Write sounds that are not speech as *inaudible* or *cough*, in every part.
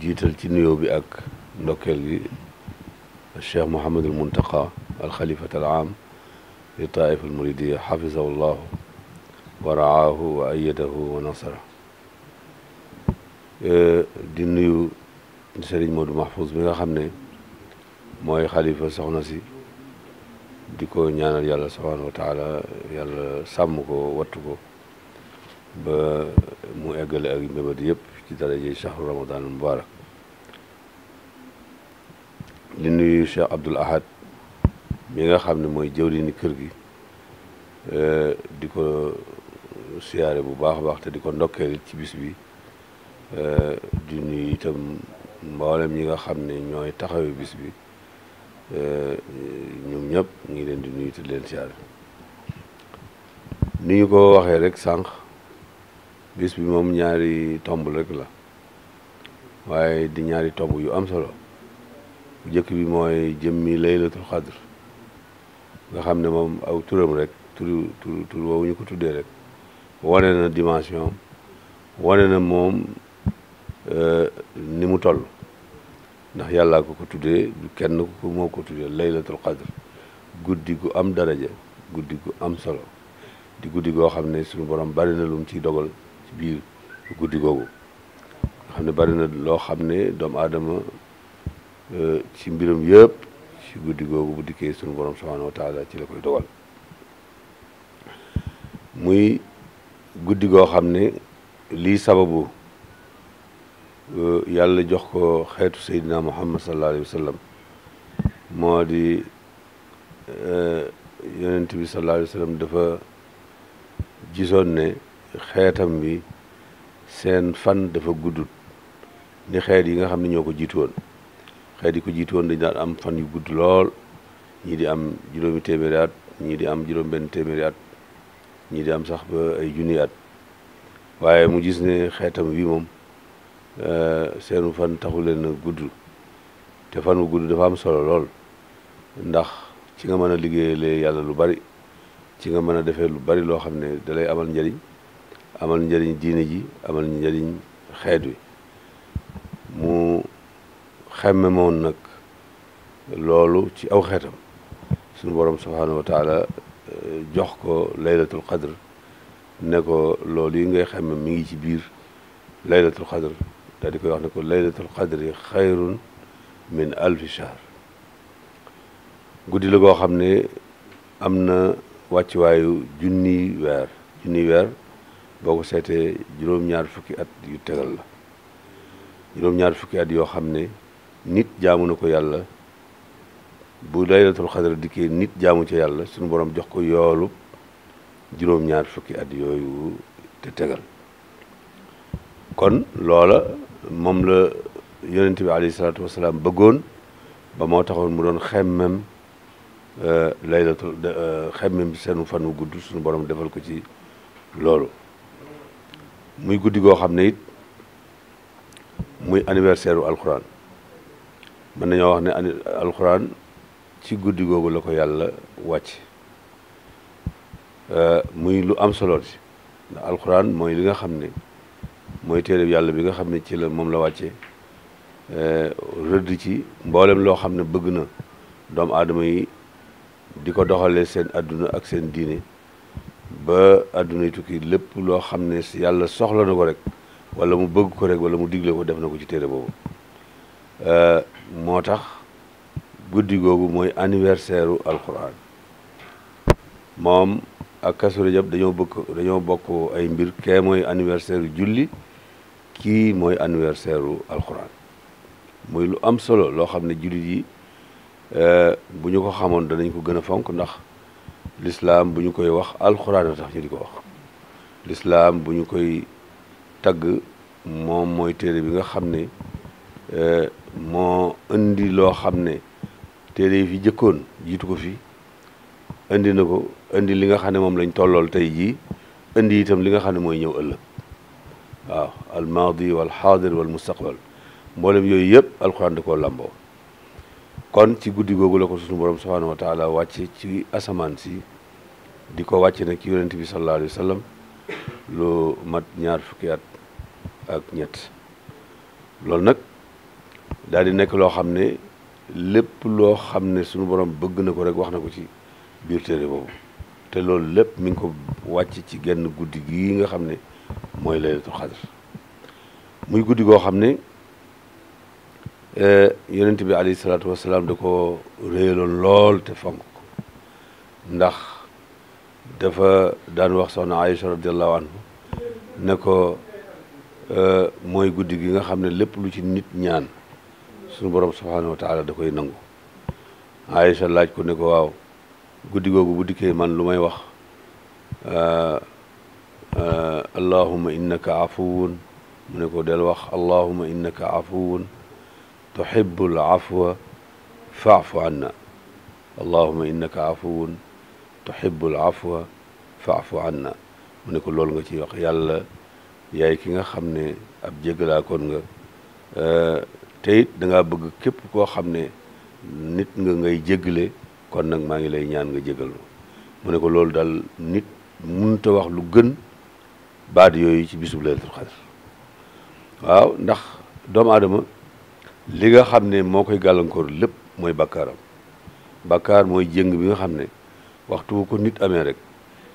jiital ci nuyoo bi ak ndokkeel gi cheikh Mouhamadul Muntaqa alxalifat al aam li taif al muridiya xafizahu llahu wa raahu wa ayadahu wa nasara euh, di nuyu Serigne Modou Mahfouz bi nga xam ne mooy xalifa soxna si di ko ñaanal yàlla subhaanahu wa taala yàlla sàmm ko wattu ko ba mu eggale ak mbébét yëpp ci darajey shahru ramadan al mubarak di nuyu Cheikh Abdoul Ahad mi nga xam ne mooy jëwriñu kër gi eh, di ko siyaare bu baax a baax te di ko ndokkeel ci bis bi eh, di nuyu itam mboolem ñi nga xam ne ñooy taxawe bis bi eh, ñoom ñëpp ngi leen di nuyu te leen siyaare ni ñu ko waxee rek sànq bis bi moom ñaari tomb rek la waaye di ñaari tomb yu am solo bu njëkk bi mooy jëmmi laylatul xadr nga xam ne moom aw turam rek tur tur tur woowu ñu ko tuddee rek wane na dimension wane na moom euh, ni mu toll ndax yàlla ko ko tuddee du kenn ku moo ko tuddee laylatul xadr guddi gu am daraja guddi gu am solo di guddi goo xam ne suñu borom bari na lum ci dogal ci biir guddi googu nga xam ne bari na loo xam ne doomu aadama euh, ci mbiram yëpp ci guddi googu bu dikkee suñu borom subhaanahu wa taala ci la koy dogal muy guddi goo xam ne lii sababu euh, yàlla jox ko xeetu seydina muhammad sallallahu alayhi wa sallam moo di euh, yonent bi sallallahu alayhi wa dafa jison ne xeetam bi seen fan dafa guddut ni xeet yi nga xam ne ñoo ko jiitoon xeet yi ko jiitoon dañ daan am fan yu gudd lool ñii di am juróomi téeméeri at di am juróom benn at ñii di am sax ba ay junni at waaye mu gis ne xeetam bi moom euh, seenu fan taxu leen gudd te fan wu gudd dafa am solo lool ndax ci nga mën a liggéeyale yàlla lu bari ci nga mën a defee lu bari loo xam ne dalay amal njariñ amal njëriñ diine ji amal njëriñ xeet wi mu xemme moon nag loolu ci aw xeetam suñu borom subhaanahu wa taala eh, jox ko laylatul qadr ne ko loolu yi ngay xemme mu ngi ci biir laylatul qadr daal di koy wax ne ko laylatul qadri xayrun min alfi shahr guddi la goo xam ne am na wàccuwaayu junniy weer junniy weer boo ko seetee juróom-ñaar fukki at yu tegal la juróom-ñaar fukki at yoo xam ne nit jaamu na ko yàlla bu laylatul xadar dikkee nit jaamu ca yàlla suñu borom jox ko yoolu juróom-ñaar fukki at yooyu te tegal kon loola moom la yonent bi alayhi salaatu bëggoon ba moo taxoon mu doon xemmem euh, laylatul euh, xemmem seenu fan wu gudd suñu borom defal ko ci loolu muy guddi goo xam ne it muy anniversaire u alxuraan mën nañoo wax ne ani alxuraan ci guddi googu la ko yàlla wàcc euh, muy lu am solo si ndax alxuraan mooy li nga xam ne mooy téereb yàlla bi nga xam ne ci la moom la wàcce euh, rëdd ci mboolem loo xam ne bëgg na doomu aadama yi di ko doxalee seen adduna ak seen diine ba àdduna tukki lépp loo xam ne si yàlla soxla na ko rek wala mu bëgg ko rek wala mu digle ko def na ko ci téere boobu euh, moo tax guddi googu mooy anniversaire u alquran moom ak Kazu Rajab dañoo bëgg dañoo bokk ay mbir kee mooy anniversaire julli kii mooy anniversaire u alquran muy lu am solo loo xam ne jullit yi euh, bu ñu ko xamoon danañ ko gën a fonk ndax lislaam bu ñu koy wax alxuraan tax ñu di ko wax lislaam bu ñu koy tagg moom mooy téere bi nga xam ne euh, moo indi loo xam ne téere yi fi jëkkoon jiitu ko fi indi na ko indi li nga xam ne moom lañ tollool tey jii indi itam li nga xam ne mooy ñëw ëllëg waaw almaadi wal xaadir wal mustaqbal mboolem yooyu yëpp alxuraan da koo làmboo kon ci guddi googu la ko suñu borom subhaanahu wa taala wàcce ci asamaan si di ko wàcce nag ci yonent bi sallallahu alayhi wa sallam lu mat ñaar fukki at ak ñett loolu nag daal di nekk loo xam ne lépp loo xam ne sunu borom bëgg na ko rek wax na ko ci biir téere boobu te loolu lépp mi ngi ko wàcce ci genn guddi gii nga xam ne mooy laylatul xadr muy guddi goo xam ne Eh, yonent bi alayhi salaatu ko lool te fonk ndax dafa daan wax soxna Aïcha radiallahu anhu ne ko eh, mooy guddi gi nga xam ne lépp lu ci nit ñaan suñu borom subhaanahu wa taala da koy nangu Aïcha laaj ko ne ko waaw guddi googu bu dikkee man lu may wax eh, allahuma innaka afuwun mu ne ko del wax allahuma innaka afuwun tuhibbul afwa fa'fu anna allahumma innaka afuwun tuhibbul afwa fa'fu anna mu ne ko loolu nga ciy wax yàlla yaay ki nga xam ne ab kon nga eh, te it dangaa bëgg képp koo xam ne nit nga ngay jéggale kon nag maa ngi lay ñaan nga jégal ma mu ne ko loolu dal nit mënut a wax lu gën baat yooyu ci bisub laylatul qadr waaw ndax doomu aadama li nga xam ne moo koy gàllankoor lépp mooy bakkaaram bakkaar mooy jëng bi nga xam ne waxtu wu ko nit amee rek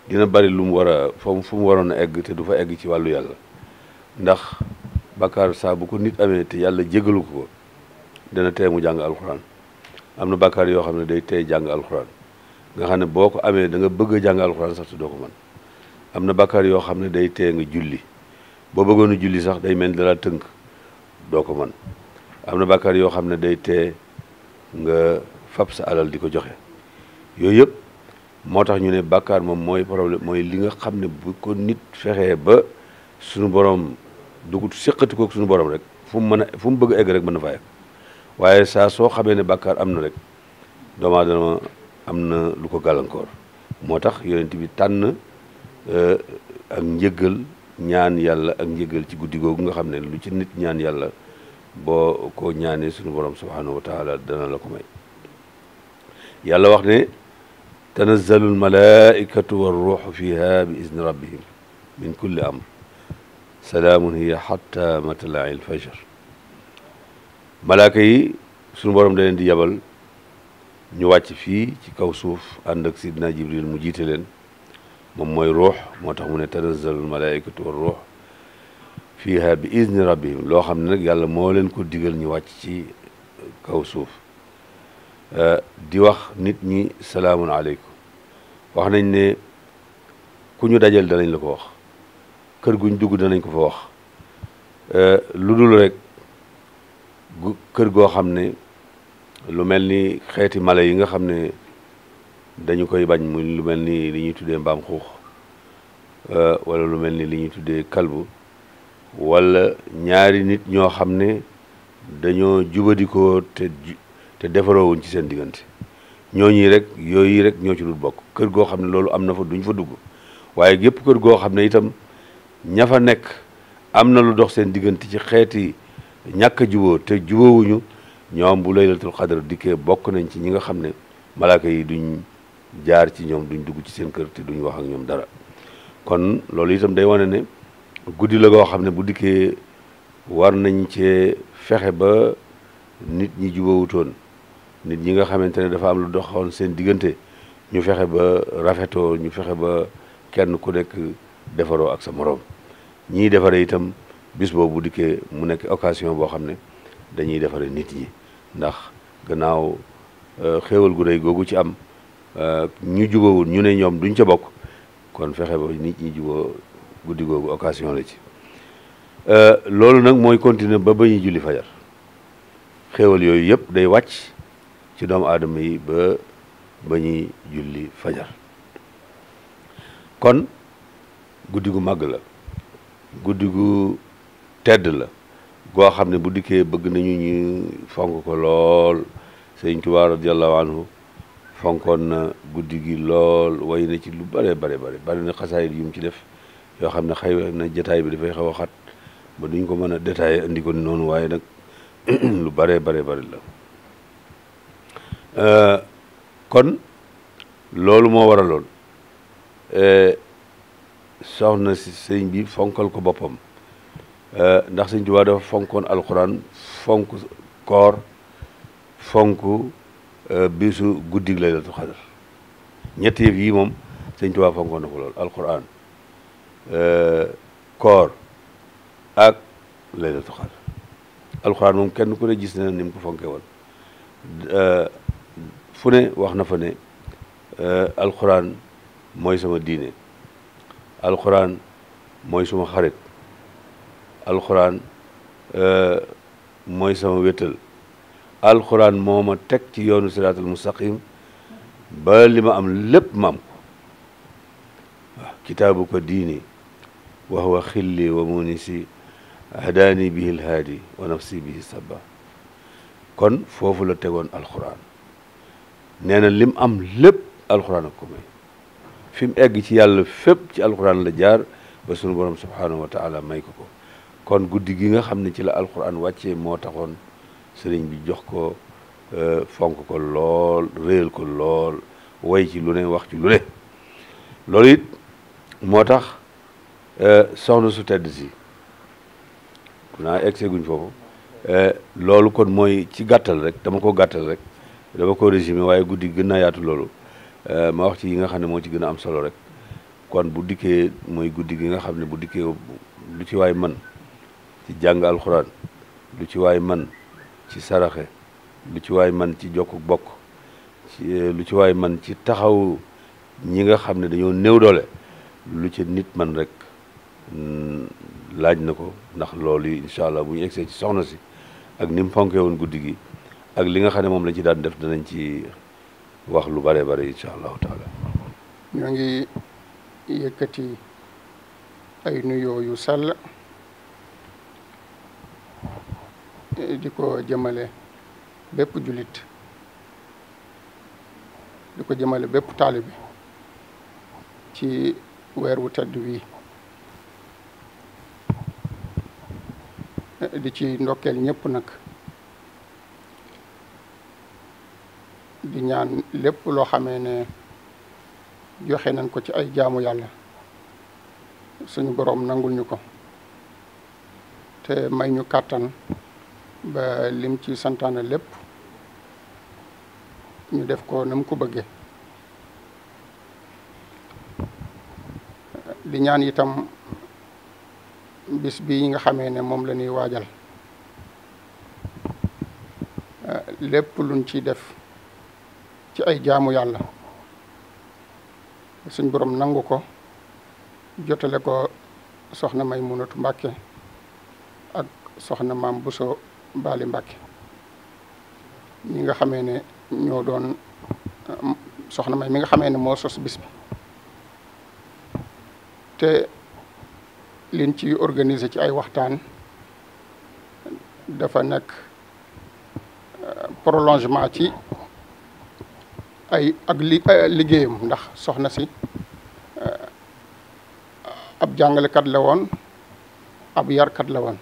dina bari lu mu war a fa mu waroon a egg te du fa egg ci wàllu yàlla ndax bakkaar saa bu ko nit amee te yàlla jégalu ko dana tee mu jàng alxuraan am na bakkaar yoo xam ne day tey jàng nga xam ne boo ko amee da bëgg a jàng sax te doo ko am na bakkaar yoo xam ne day tee nga julli boo bëggoon julli sax day mel ni dala tënk doo ko mën am na bàkkaar yoo xam ne day tee nga fab sa alal di ko joxe yooyu yëpp moo tax ñu ne bàkkaar moom mooy problème mooy li nga xam ne bu ko nit fexee ba suñu borom dugut séqati ko suñu borom rek fu mu mën a fu mu bëgg a egg rek mën na faa egg waaye saa soo xamee ne bàkkaar am na rek doomu aadama am na lu ko gàllankoor moo tax yonent bi tànn e, ak njëgal ñaan yàlla ak njëggal ci guddi googu nga xam ne lu ci nit ñaan yàlla boo ko ñaanee suñu borom subhanahu wa dana la ko may yàlla wax ne tanazzalu almalaikatu warruuxu fiha bi izni rabbihim min kulli amr salaamun hiya xatta matlai alfajr malaaka yi suñu borom da di yabal ñu wàcc fii ci kaw suuf ànd ak sidna jibril mu jiite leen mooy ruux moo tax mu ne tanazzalu almalaikatu warruux fiha bi izni rabbihim loo xam ne nag yàlla moo leen ko digal ñu wàcc ci kaw suuf eh, di wax nit ñi salaamun aleykum wax nañ ne ku ñu dajal danañ la ko wax kër guñ dugg danañ ko fa wax eh, lu dul rek kër goo xam ne lu mel ni xeeti mala yi nga xam ne dañu koy bañ mu lu mel ni li ñuy tuddee mbaam xuux eh, wala lu mel ni li ñuy tuddee kalbu wala ñaari nit ñoo xam ne dañoo jubadikoo te te defaroowuñ ci seen diggante ñooñu rek yooyu rek ñoo ci dul bokk kër goo xam ne loolu am na fa duñ fa dugg waaye yépp kër goo xam ne itam ña fa nekk am na lu dox seen diggante ci xeeti ñàkk a juboo te juboowuñu ñoom bu laylatul xadar dikkee bokk nañ ci ñi nga xam ne malaaka yi duñ jaar ci ñoom duñ dugg ci seen kër te duñ wax ak ñoom dara kon loolu itam day wane ne guddi la goo xam ne bu dikkee war nañ cee fexe ba nit ñi jubawutoon nit ñi nga xamante ne dafa am lu doxoon seen diggante ñu fexe ba rafetoo ñu fexe ba kenn ku nekk defaroo ak sa moroom ñii defaree itam bis boobu bu dikkee mu nekk occasion boo xam ne dañuy defare nit ñi ndax gannaaw euh, xéewal gu rëy googu ci am euh, ñu jubawul ñu ne ñoom duñ ca bokk kon fexe ba nit ñi juboo guddi googu occasion la ci euh, loolu nag mooy continuer ba ba julli fajar xéewal yooyu yëpp day wàcc ci doomu aadama yi ba ba julli fajar kon guddi gu mag la guddi gu tedd la goo xam ne bu dikkee bëgg nañu ñu fonk ko lool sëñ Tuubaa radiyallahu anhu fonkoon na guddi gi lool way na ci lu bare bare bare bari na xasaayit yu mu ci def yoo xam ne xëy na jetaay bi dafay xaw a xat ba duñ ko mën a détaillé andi ko noonu waaye nag *clears throat* lu bare bare bari la euh, kon loolu moo war a lool euh, soxna si sëñ bi fonkal ko boppam euh, ndax sëñ Tuubaa dafa fonkoon alxuraan fonk koor fonk bisu guddig Laylatul Qadr ñett yëf yi moom sëñ Tuubaa fonkoon na ko lool alxuraan Euh, koor ak laylatul xadr alxuraan moom kenn ku ne gis na ni mu ko fonke woon euh, fu ne wax na fa ne euh, alxuraan mooy sama diine alxuraan mooy suma xarit alxuraan mooy sama wéttal alxuraan moo ma teg ci yoonu siraatal mustaqim ba li ma am lépp ma ko kitaabu ko diini wa huwa xilli wa si hadaani bihi lhaadi wa nafsi bihi sabba kon foofu la tegoon alxuraan nee na lim am lépp alxuraan ak ko may fi mu egg ci yàlla fépp ci alxuraan la jaar ba sunu borom subhaanahu wa taala may ko ko kon guddi gi nga xam ne ci la alxuraan wàccee moo taxoon sëriñ bi jox ko euh, fonk ko lool réel ko lool way ci lu ne wax ci lu ne loolu moo tax Euh, soxna su tedd si naa egg guñ foofu euh, loolu kon mooy ci gàttal rek dama ko gàttal rek dama ko résumé waaye guddi gën naa yaatu loolu euh, ma wax ci yi nga xam ne moo ci gën a am solo rek kon bu dikkee mooy guddi gi nga xam ne bu dikkee lu ci waay man ci jàng alxuraan lu ci waaye man ci saraxe lu ci waaye man ci jokk bokk ci lu ci waaye man ci taxaw ñi nga xam ne dañoo néew doole lu ci nit man rek Mm, laaj na ko ndax loolu yi incha allah bu ñu egsee ci soxna si ak ni mu fonkee woon guddi gi ak li nga xam ne moom la ci daan def danañ ci wax lu bare bare incha allahu taala ñoo ngi yëkkati ay nuyoo yu sell di ko jëmale bépp julit di ko jëmale bépp taalibe ci weer wu tedd wii di ci ndokkeel ñëpp nag di ñaan lépp loo xamee ne joxe nañ ko ci ay jaamu yàlla suñu boroom nangul ñu ko te may ñu kàttan ba lim ci santaane lépp ñu def ko na mu ko bëggee di ñaan itam bis bii nga xamee ne moom la waajal eh, lépp luñ ci def ci ay jaamu yàlla suñ borom nangu ko jotale ko soxna may munatu mbàkke ak soxna maam buso bali mbàkke ñi nga xamee ne ñoo doon eh, soxna may mi nga xamee ne moo sos bis te liin ci organise ci ay waxtaan dafa nekk euh, prolongement ci ay ak li euh, ndax soxna si euh, ab jàngalekat la woon ab yarkat la woon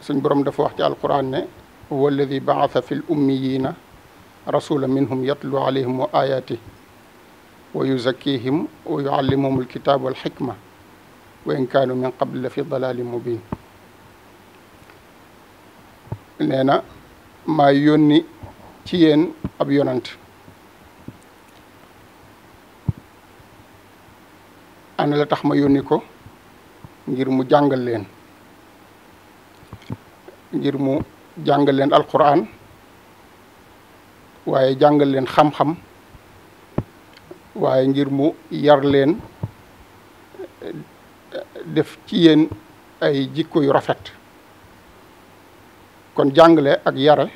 suñ borom dafa wax ci alquran ne huwa alladi baasa fi l ummiyina rasula minhum yatlu alayhim wa ayatih wa yuzakkihim wa yuallimuhum alkitaab wal xikma wa in kaanu min qabli fi dalaalin mubin nee na ma yónni ci yéen ab yonant ana la tax ma yónni ko ngir mu jàngal leen ngir mu jàngal leen alquran waaye jàngal leen xam-xam waaye ngir mu yar leen def ci yéen ay jikko yu rafet kon jàngale ak yare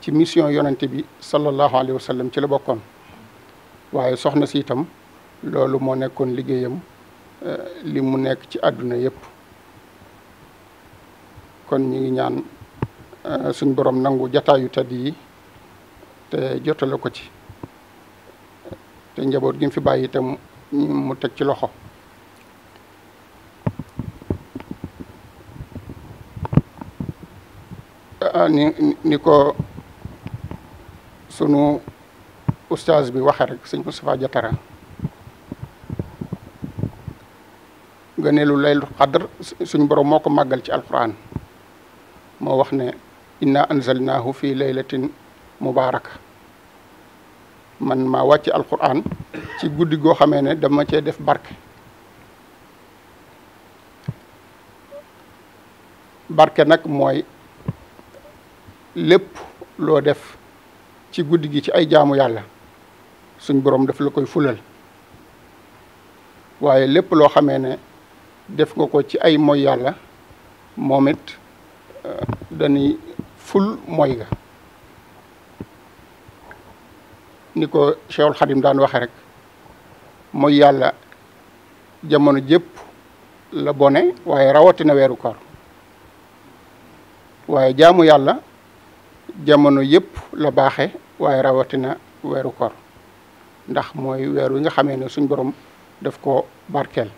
ci mission yonente bi sallallahu alayhi wa ci la bokkoon waaye soxna si itam loolu moo nekkoon liggéeyam eh, li mu nekk ci àdduna yépp kon ñu ngi ñaan eh, suñ borom nangu jataayu tedd yi te jotale ko ci njaboot gi mu fi bàyyi tam mu teg ci loxo ah, ni ni ko sunu ustaas bi waxe rek sëñ Moustapha Diatara gëneelu laylu xadr suñ borom moo ko màggal ci alquran moo wax ne inna anzalnaahu fi laylatin mubaraka man maa wàcc alquran ci guddi goo xamee ne dama cee def barke barke nag mooy lépp loo def ci guddi gi ci ay jaamu yàlla suñ borom daf la koy fulal waaye lépp loo xamee ne def nga ko ci ay moy yàlla moomit it euh, ful moy nga ni ko Cheikhul daan waxe rek mooy yàlla jamono jëpp la bone waaye rawatina weeru koor waaye jaamu yàlla jamono yëpp la baaxe waaye rawatina weeru koor ndax mooy weer wi nga xamee ne suñ borom def ko barkeel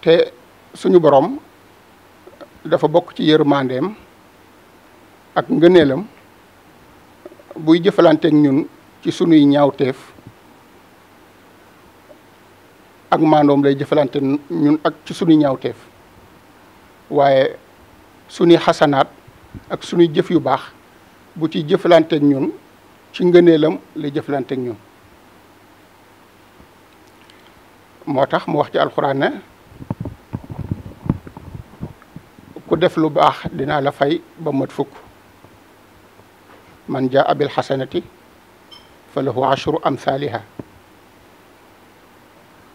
te suñu borom dafa bokk ci yërmandeem ak ngëneelam buy jëflanteek ñun ci sunuy ñaawteef ak maandoom lay jëflante ñun ak ci sunuy ñaawteef waaye sunuy xasanaat ak sunuy jëf yu baax bu ci jëflanteek ñun ci ngëneelam lay jëflanteek ñun moo tax mu wax ci alxuraan ne ku def lu baax dinaa la fay ba mat fukk man jaa abil xasanati fa lahu ashru amthaliha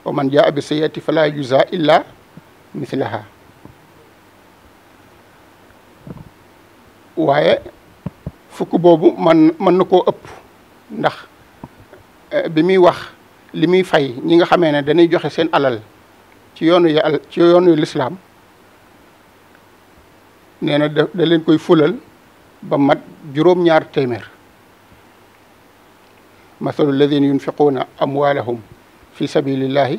wa man jaa bi sayati fala yuza illa mithlaha waaye fukk boobu man mën na koo ëpp ndax eh, bi muy wax li muy fay ñi nga xamee ne dañuy joxe seen alal ci yoonu yàlla ci yoonu lislaam nee na da leen koy fulal ba mat juróom-ñaar téeméer masalu alladina yunfiquuna amwaalahum fi sabilillahi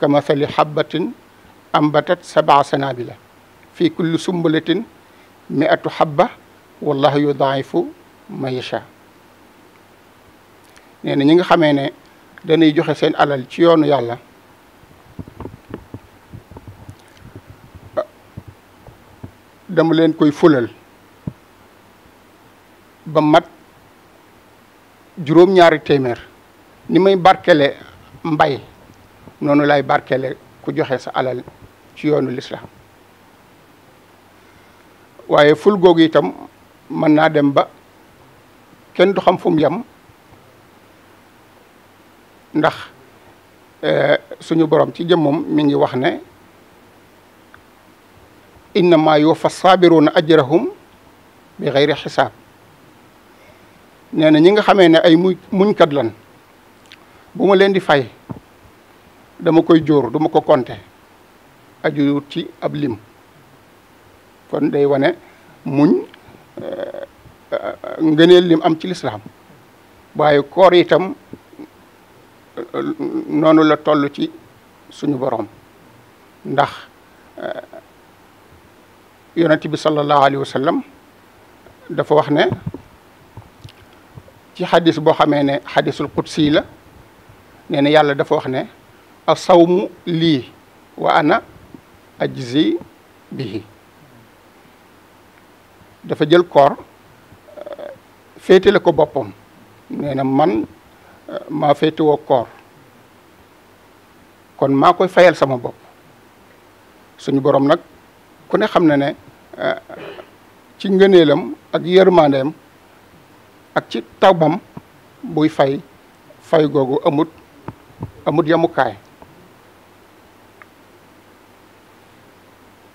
ka masali xabbatin ambatat sabaa sanabila fi kulli sumbalatin miatu xabba wallahu yudaifu ma yacha nee na ñi nga xamee ne dañuy joxe seen alal ci yoonu yàlla dama leen koy fulal ba mat juróom-ñaari téeméer ni may barkele mbay noonu lay barkele ku joxe sa alal ci yoonu lislaam waaye ful googu itam mën naa dem ba kenn du xam fu mu yem ndax eh, suñu borom ci jëmmam mi ngi wax ne innama yuwaffa saabiruna ajrahum bi xayri xisaab nee na ñi nga xamee ne ay muñ muñkat lan bu ma leen di fay dama koy jóor duma ko compter aju ci ab lim kon day wane muñ euh, ngëneel lim am ci lislaam waaye koor itam noonu la toll ci suñu boroom ndax euh, yonent bi sallallahu alayhi wa sallam dafa wax ne ci xadis boo xamee ne xadisul qudsi la nee yàlla dafa wax ne asawmu lii wa ana ajzi bihi dafa jël koor euh, féete la ko boppam nee na man euh, maa féetewoo koor kon maa koy fayal sama bopp suñu borom nag ku ne xam na ne euh, ci ngëneelam ak yërmandeem ak ci taw buy fay fay googu amut amut yamukaay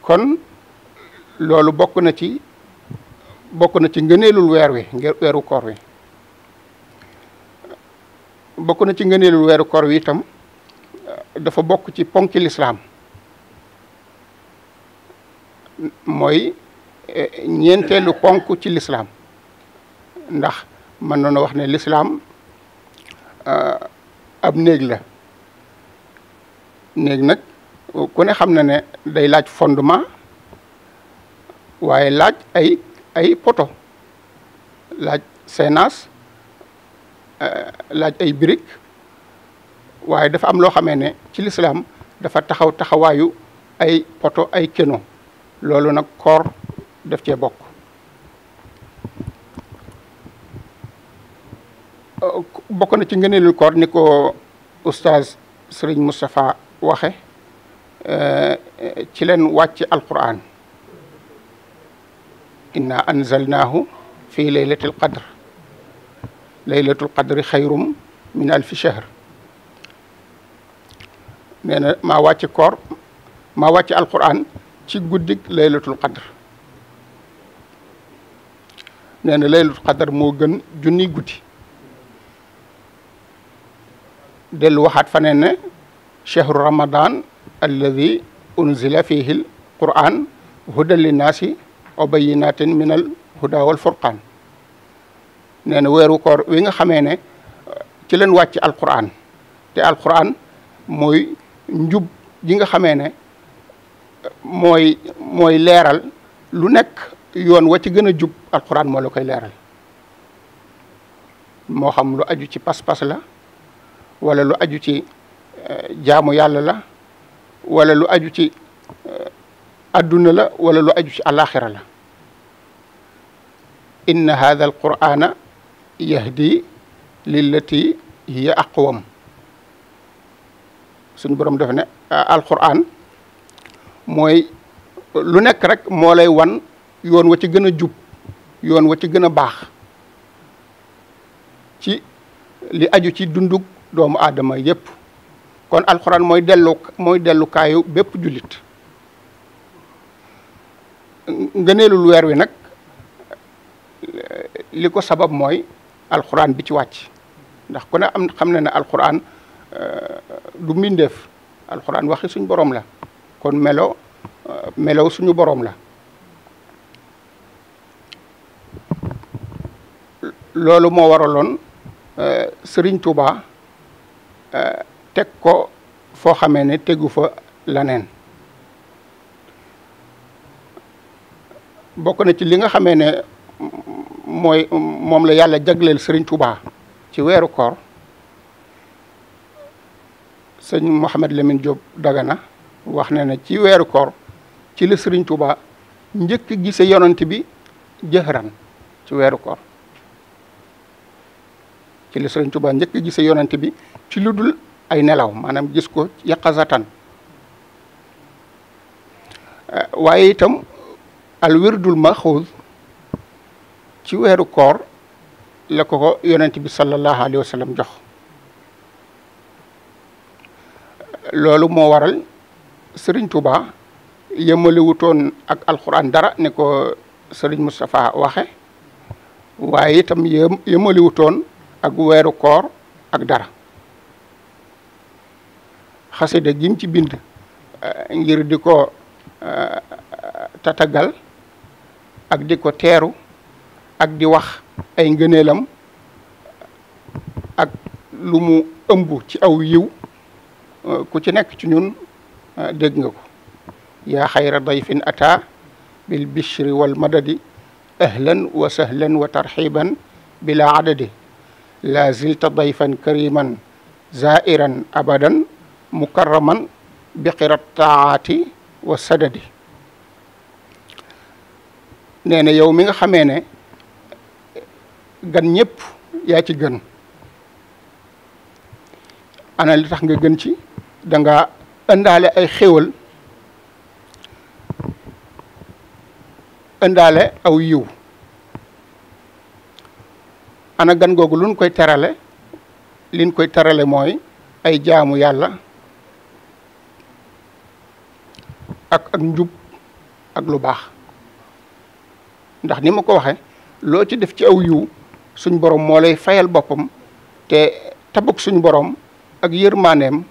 kon loolu bokk na ci bokk na ci ngëneelul weer wi weeru koor wi bokk na ci ngëneelul weeru koor wi itam dafa bokk ci ponki lislaam mooy eh, ñeenteelu ponk ci lislaam ndax mën nañoo wax ne lislaam euh, ab néeg la néeg nag ku xam na ne day laaj fondement waaye laaj ay ay poto laaj séenage euh, laaj ay brique waaye dafa am loo xamee ne ci lislaam dafa taxaw taxawaayu ay poto ay keno loolu nag koor def cee bokk bokk na ci ngëneelu koor ni ko oustaz Serigne mustafa waxe eh, ci leen wàcc alquran inna anzalnaahu fi laylatil qadr laylatul qadri xayrum min alfi shahr nee na maa wàcc koor ma wàcc alquran ci guddig laylatul qadr nee na laylatul moo gën junni guddi dellu waxaat faneen ne chehru ramadan alladi unzila fihi quran hudan linnaasi wa bayinatin min al furqaan nee na wi nga xamee ne ci leen wàcc alquran te alquran mooy njub ji nga xamee ne mooy leeral lu nekk yoon wa ci gën a jub alquran moo la koy leeral moo xam lu aju ci pas-pas la wala lu aju ci eh, jaamu yàlla la walla lu aju ci eh, adduna la wala lu aju ci alaxira la inna hada al qur'ana yahdi lillati hiya aqwam suñu borom dafa ne eh, alquran mooy lu nekk rek moo lay wan yoon wa ci gën a jub yoon wa ci gën a baax ci li aju ci dundug doomu aadama yépp kon alxuraan mooy dellu mooy dellukaayu bépp jullit ngëneelul weer wi nag li ko sabab mooy alxuraan bi ci wàcc ndax ku ne am xam na ne alxuraan euh, du def alxuraan waxi suñ borom la kon melo euh, melo suñu borom la loolu moo waraloon euh, sëriñ Touba. Euh, teg ko foo xamee ne tegu fa laneen bokk na ci li nga xamee ne mooy moom la yàlla jagleel sëriñ Touba ci weeru koor sëñ Mouhamed Lamine Diop Dagana wax na ne ci weeru koor ci la sëriñ Touba njëkk gise yonent bi jëxran ci weeru koor ci la Sëriñ Tuubaa njëkk gise yonent bi ci lu dul ay nelaw maanaam gis ko yaqazatan eh, waaye itam al wirdul maxuud ci weeru koor la ko ko yonent bi sallallahu alayhi wa jox eh, loolu moo waral Sëriñ Tuubaa yemalewutoon ak alxuraan dara ne ko Sëriñ Moustapha waxe waaye itam yem yemaliwutoon ak weeru koor ak dara xasida gim ci bind eh, ngir di ko eh, tatagal ak di ko teeru ak di wax ay ngëneelam ak lu mu ëmb ci aw yiw eh, ku ci nekk ci ñun dégg nga ko yaa xayra dayfin ata bil bishri wal madadi ahlan wa sahlan wa tarxiban bila adadi la zilta dayfan kariman zairan abadan mukarraman biqirat taati wa sadadi nee na yow mi nga xamee ne gan ñëpp yaa ci gën ana li tax nga gën ci danga nga indaale ay xéwal indaale aw yiw ana gan googu luñ koy terale lin koy terale mooy ay jaamu yàlla ak ak njub ak lu baax ndax ni ma ko waxe loo ci def ci aw yiw suñ borom moo lay fayal boppam te tabuk suñ boroom ak yërmaaneem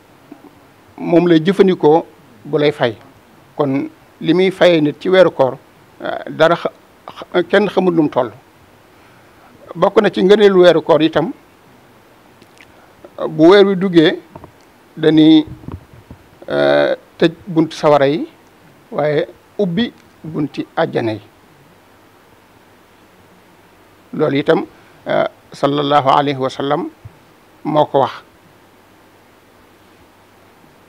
moom lay jëfandikoo bu lay fay kon li muy fayee nit ci weeru koor eh, dara kenn xamul lu mu toll bokk na ci ngëneelu weeru koor itam bu weer wi duggee dañuy e, tëj bunt sawara yi waaye ubbi bunti àjjana yi loolu itam e, sallallahu alayhi wa sallam moo ko wax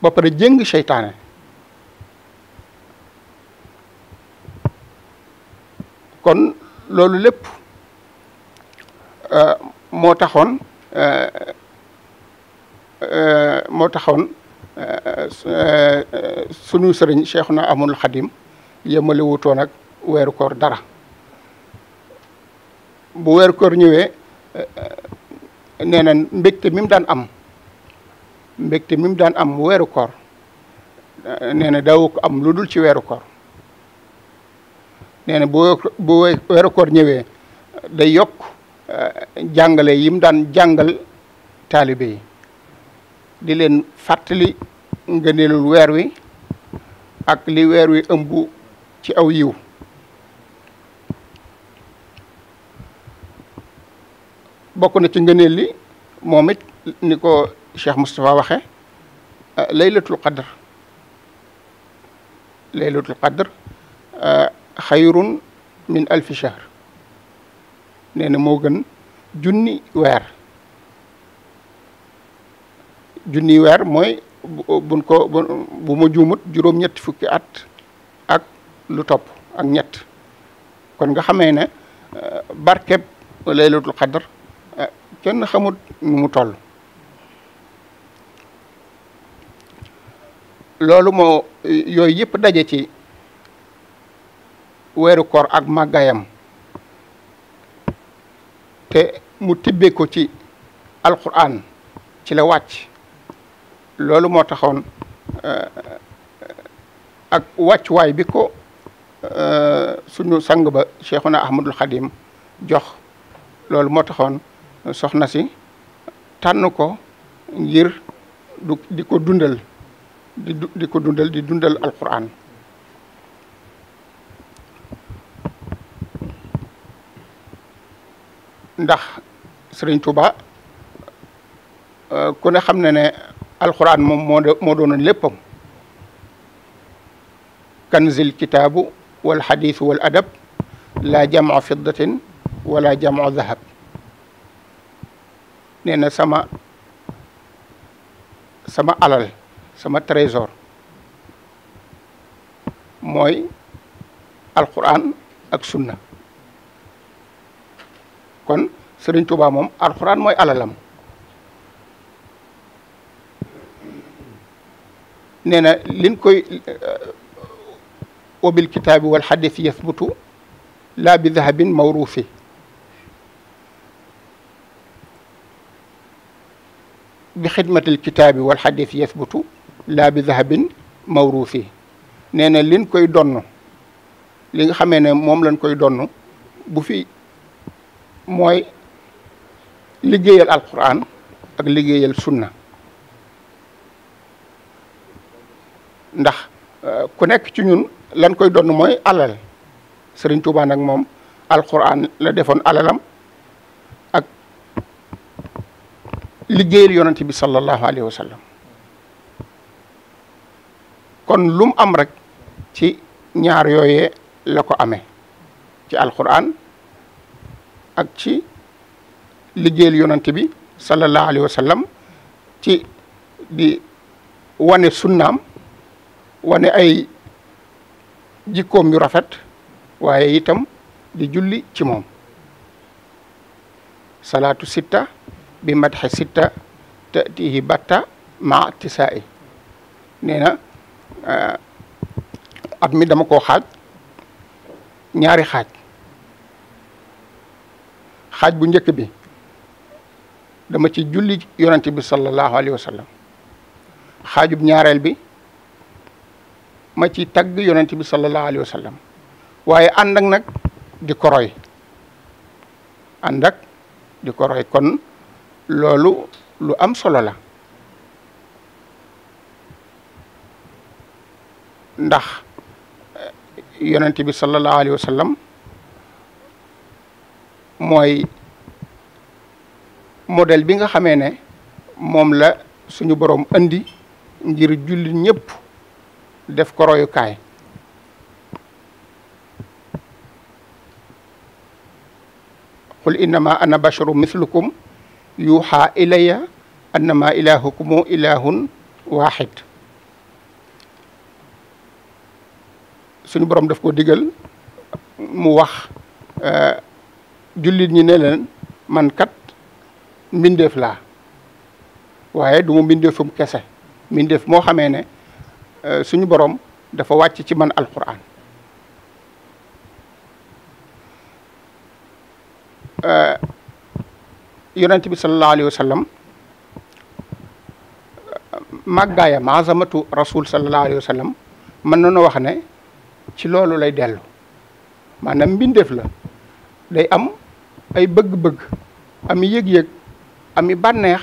ba pare jëng seytaane kon loolu lépp Euh, moo taxoon euh, euh, moo taxoon sunu sëriñ Cheikhuna Ahmadul Xadim yemale wutoon ak weeru koor dara bu weeru koor ñëwee nee na mbégte mi daan am mbégte mi daan am weeru koor nee na daawu ko am lu dul ci weeru koor nee na bu bu ñëwee day yokk. Euh, jàngale yim daan jàngal taalibe yi di leen fàttali ngëneelul weer wi ak li weer wi ëmbu ci aw yiw bokk na ci ngëneel li moomit ni ko Cheikh Moustapha waxe euh, laylatul qadr laylatul qadr euh, xayrun min alfi nee moo gën junni weer junni weer mooy buñ ko bu ma juumut juróom-ñetti fukki at ak lu topp ak ñett kon nga xamee ne euh, barkeb laylatul xadar euh, kenn xamut nu mu toll loolu moo yooyu yëpp daje ci weeru koor ak màggaayam mu tibbee ko ci alquran ci la wàcc loolu moo taxoon eh, ak wàccuwaay bi ko eh, suñu sang ba Cheikhuna Ahmadul Xadim jox loolu moo taxoon soxna si tànn ko ngir du di ko dundal di di ko dundal di dundal alquran ndax sëriñ tuba euh, ku ne xam na ne alxuraan moom moo moo doonoon léppam kanzil kitaabu wal xadiis wal adab laa jamaa fiddatin wala jamaa zahab nee na sama sama alal sama trésor mooy alxuraan ak sunna Sëriñ moom alxuraan mooy alalam nee na liñ koy wabil kitaabi wal xadis yasbutu laa bi dahabin mawruufi bi xidmatil kitaabi wal xadis yasbutu laa bi dahabin mawruufi nee na liñ koy donn li nga xamee ne moom lañ koy donn bu fi mooy liggéeyal alquran ak liggéeyal sunna ndax euh, ku nekk ci ñun lan koy doon mooy alal Serigne Touba nag moom alquran la defoon alalam ak liggéeyal yonent bi sallallahu alayhi wa kon lu am rek ci ñaar yooyee la ko ame ci alquran ak ci liggéey yonante bi sallallahu alayhi wa sallam ci di wane sunnaam wane ay jikkoom yu rafet waaye itam di julli ci moom salaatu sitta bi madxe sitta tatihi batta ma tisaai nee na ah, at mi dama ko xaaj ñaari xaaj xaaj bu njëkk bi dama ci julli yonent bi sallallahu alayhi wa sallam xaajub ñaareel bi ma ci tagg yonent bi sallallahu alayhi wa sallam waaye ànd nag di koroy roy di ko kon loolu lu am solo la ndax eh, yonenti bi sallallahu alayhi wa mooy model bi nga xamee ne moom la suñu boroom andi ngir jullit ñépp def ko royukaay qul innama ana basharu mislukum yuuxa ilayya annama ilahukumu ilahun waaxid suñu boroom def ko digal mu wax euh, jullit ñi ne leen man kat mbindeef laa waaye du ma mbindeefum kese mbindeef moo xamee ne euh, suñu borom dafa wàcc ci man alquran euh, yonent bi sallallahu alayhi wa sallam màggaaya maazamatu rasul sallallahu alayhi wa sallam mën nañu wax ne ci loolu lay dellu maanaam mbindeef la day am ay bëgg-bëgg am yëg-yëg ami bànneex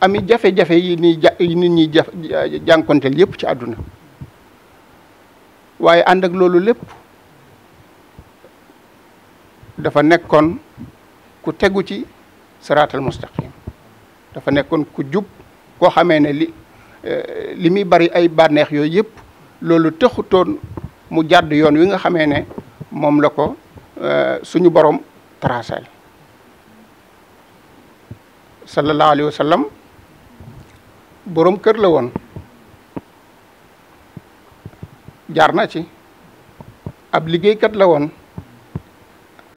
ami jafe-jafe yi ni ja yi nit yëpp ci àdduna waaye àndak loolu lépp dafa nekkoon ku tegu ci siraatal mustaqim dafa nekkoon ku jub koo xamee ne li eh, li muy bari ay bànneex yooyu yëpp loolu taxutoon mu jàdd yoon wi nga xamee ne moom la ko eh, suñu borom tracé sallallahu alayhi wa sallam boroom kër la woon jaar na ci ab liggéeykat la woon